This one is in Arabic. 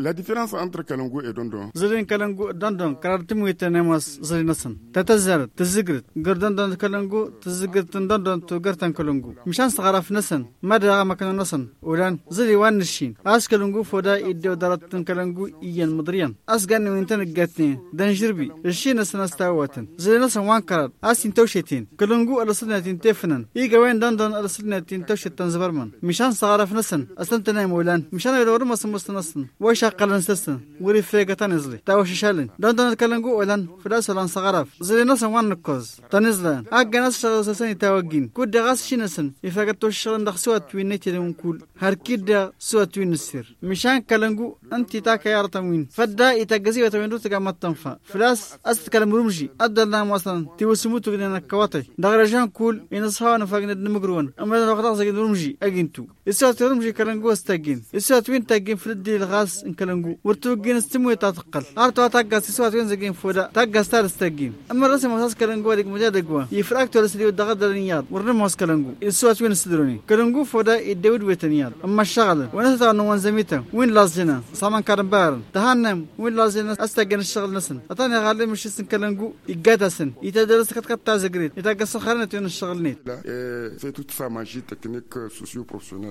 La différence entre Kalangu et Dondon. Zirin Kalangu Dondon karartim wite nemas zirinasan. zer tizigrit. gerdan don Kalangu tizigrit Dondon to gertan Kalangu. Mishan sagaraf nasan. Mada makan nasan. Ulan ziri wan nishin. As Kalangu foda idde daratan Kalangu iyan mudriyan. As gani wintan gatni. Dan jirbi. Ishi nasan astawatan. Zirinasan wan karar. As intawshitin. Kalangu alasinatin tefnan. Iga wen Dondon alasinatin tawshitan zbarman Mishan sagaraf nasan. Asan tanay mulan. Mishan ayrorum asan mustanasan. wa شاقلن سسن وري فيغا تنزلي تاو ششالن دون دون كلنغو ولن فلاس لان صغرف زلي نس وان نكوز تنزلن اغنس سسن تاوغين كود غاس شينسن يفاغا تو شرن دخسوات وينيتي دون كول هركيدا سوات وينسير مشان كلنغو انت تاكا تموين فدا يتغزي وتويندو تغمتنفا فلاس استكلم رومجي ادلنا مثلا توسموتو غنا كواتي دغرجان كول ينصحان فاغن دمغرون اما دغدا زغن رومجي اجنتو اسات رومجي كلنغو استاجين اسات وين تاجين فلدي الغاز كلنغو ورتوجين استمو يتاتقل ارتو تاغاس سوات وين زجين فودا تاغاس تار استجين اما الرسم مساس كلنغو ديك مجا دغوا يفراك تولس ديو دغ درنيات ورنموس كلنغو السوات وين سدروني كلنغو فودا يدود ويتنيات اما الشغل وانا تا نون زميتا وين لازنا سامان كارن بارن تهنم وين لازنا استجين الشغل نسن اتاني غالي مش سن كلنغو يغاتسن يتدرس كتكت تازغريت يتاغاس خرنت وين الشغل نيت في توت سا ماجي تكنيك سوسيو